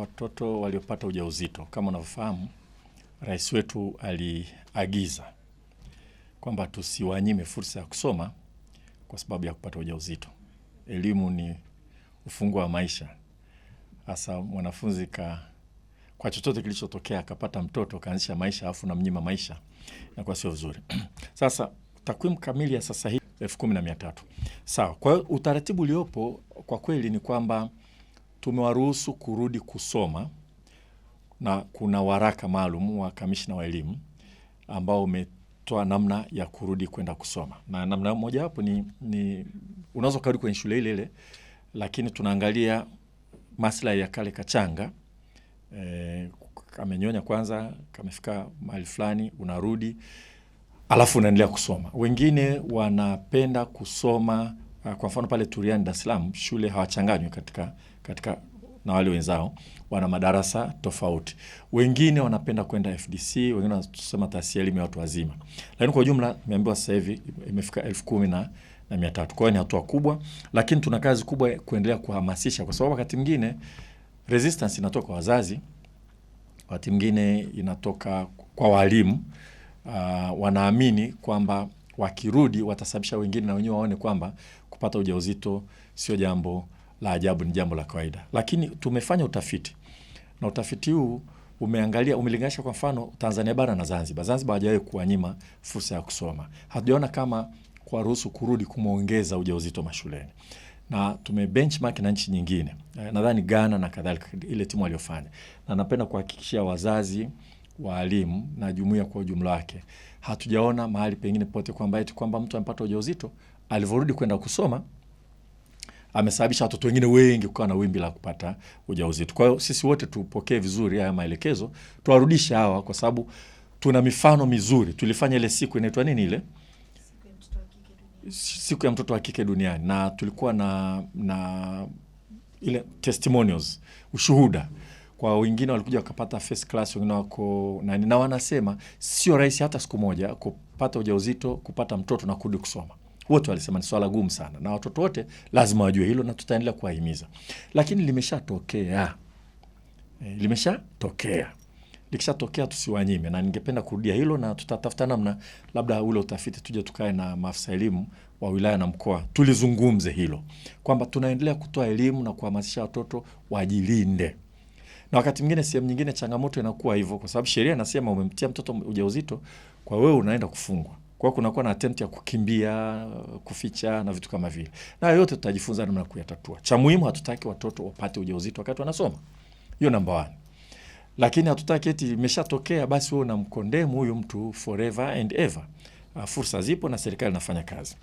watoto waliopata ujauzito. Kama unavyofahamu, rais wetu aliagiza kwamba tusiwanyime fursa ya kusoma kwa sababu ya kupata ujauzito. Elimu ni ufunguo wa maisha, hasa mwanafunzi ka kwa chochote kilichotokea akapata mtoto kaanzisha maisha afu namnyima maisha, inakuwa sio vizuri. Sasa takwimu kamili ya sasa hivi elfu kumi na mia tatu sawa. Kwa hiyo utaratibu uliopo kwa kweli ni kwamba tumewaruhusu kurudi kusoma na kuna waraka maalum wa kamishna wa elimu ambao umetoa namna ya kurudi kwenda kusoma, na namna moja wapo ni, ni unaweza ukarudi kwenye shule ile ile, lakini tunaangalia maslahi ya kale kachanga e, eh, kamenyonya kwanza, kamefika mahali fulani, unarudi alafu unaendelea kusoma. Wengine wanapenda kusoma Ah, kwa mfano pale Turiani, Dar es Salaam, shule hawachanganywi katika, katika na wale wenzao, wana madarasa tofauti. Wengine wanapenda kwenda FDC, wengine wanasema taasisi ya elimu ya watu wazima, lakini kwa ujumla nimeambiwa sasa hivi imefika elfu kumi na na mia tatu. Kwa hiyo ni hatua kubwa, lakini tuna kazi kubwa kuendelea kuhamasisha, kwa sababu wakati mwingine resistance inatoka kwa wazazi, wakati mwingine inatoka kwa walimu. Uh, wanaamini kwamba wakirudi watasababisha wengine na wenyewe waone kwamba kupata ujauzito sio jambo la ajabu, ni jambo la kawaida. Lakini tumefanya utafiti na utafiti huu umeangalia umelinganisha kwa mfano Tanzania bara na Zanzibar. Zanzibar hajawahi kuwanyima fursa ya kusoma, hatujaona kama kuwaruhusu kurudi kumwongeza ujauzito mashuleni, na tume benchmark na nchi nyingine, eh, nadhani Ghana na kadhalika, ile timu waliofanya, na napenda kuhakikishia wazazi waalimu na jumuiya kwa ujumla wake. Hatujaona mahali pengine pote kwamba eti kwamba mtu amepata ujauzito alivyorudi kwenda kusoma amesababisha watoto wengine wengi kukawa na wimbi la kupata ujauzito. Kwa hiyo sisi wote tupokee vizuri haya maelekezo, tuwarudishe hawa, kwa sababu tuna mifano mizuri. Tulifanya ile siku inaitwa nini ile siku ya mtoto wa kike duniani, na tulikuwa na, na ile testimonials, ushuhuda kwa wengine walikuja wakapata first class, wengine wako nani, na wanasema sio rahisi hata siku moja kupata ujauzito, kupata mtoto na kurudi kusoma. Wote walisema ni swala gumu sana, na watoto wote lazima wajue hilo, na tutaendelea kuwahimiza, lakini limeshatokea, eh, limeshatokea likishatokea tusiwanyime, na ningependa kurudia hilo, na tutatafuta namna, labda ule utafiti tuje tukae na maafisa elimu wa wilaya na mkoa tulizungumze hilo, kwamba tunaendelea kutoa elimu na kuhamasisha watoto wajilinde na wakati mwingine sehemu nyingine changamoto inakuwa hivyo, kwa sababu sheria inasema umemtia mtoto ujauzito, kwa wewe unaenda kufungwa. Kwa kunakuwa na attempt ya kukimbia, kuficha na vitu kama vile, na yote tutajifunza namna kuyatatua. Cha muhimu, hatutaki watoto wapate ujauzito wakati wanasoma, hiyo namba moja, lakini hatutaki eti imeshatokea basi wewe unamkondemu huyu mtu forever and ever. Ah, fursa zipo na serikali inafanya kazi.